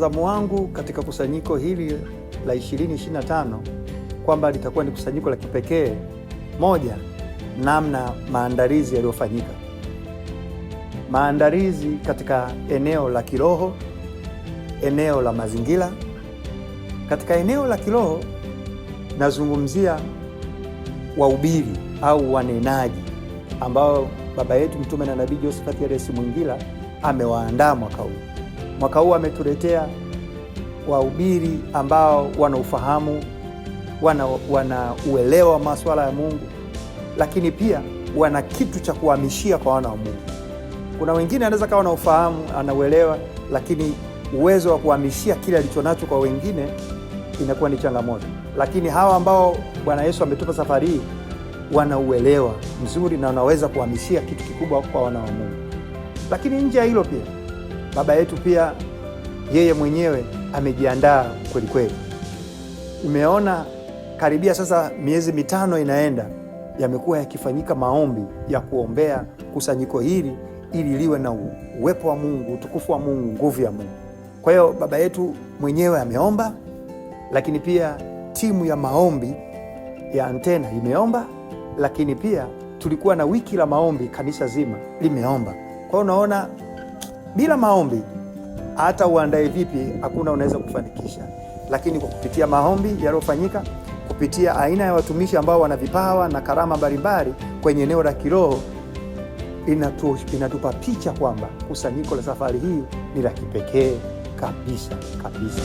mtazamo wangu katika kusanyiko hili la 2025 kwamba litakuwa ni kusanyiko la kipekee. Moja, namna maandalizi yaliyofanyika, maandalizi katika eneo la kiroho, eneo la mazingira. Katika eneo la kiroho nazungumzia wahubiri au wanenaji ambao baba yetu Mtume na Nabii Josephat Elias mwingira amewaandaa mwaka huu. Mwaka huu ametuletea wahubiri ambao wana ufahamu, wana, wana uelewa wa masuala ya Mungu, lakini pia wana kitu cha kuhamishia kwa wana wa Mungu. Kuna wengine anaweza kawa na ufahamu, anauelewa, lakini uwezo wa kuhamishia kile alicho nacho kwa wengine inakuwa ni changamoto. Lakini hawa ambao Bwana Yesu ametupa safari hii wanauelewa mzuri na wanaweza kuhamishia kitu kikubwa kwa wana wa Mungu. Lakini nje ya hilo pia baba yetu pia yeye mwenyewe amejiandaa kweli kweli. Umeona, karibia sasa miezi mitano inaenda, yamekuwa yakifanyika maombi ya kuombea kusanyiko hili ili liwe na uwepo wa Mungu, utukufu wa Mungu, nguvu ya Mungu. Kwa hiyo baba yetu mwenyewe ameomba, lakini pia timu ya maombi ya Antena imeomba, lakini pia tulikuwa na wiki la maombi, kanisa zima limeomba. Kwa hiyo unaona bila maombi, hata uandae vipi, hakuna unaweza kufanikisha. Lakini kwa kupitia maombi yaliyofanyika, kupitia aina ya watumishi ambao wana vipawa na karama mbalimbali kwenye eneo la kiroho, inatu, inatupa picha kwamba kusanyiko la safari hii ni la kipekee kabisa kabisa.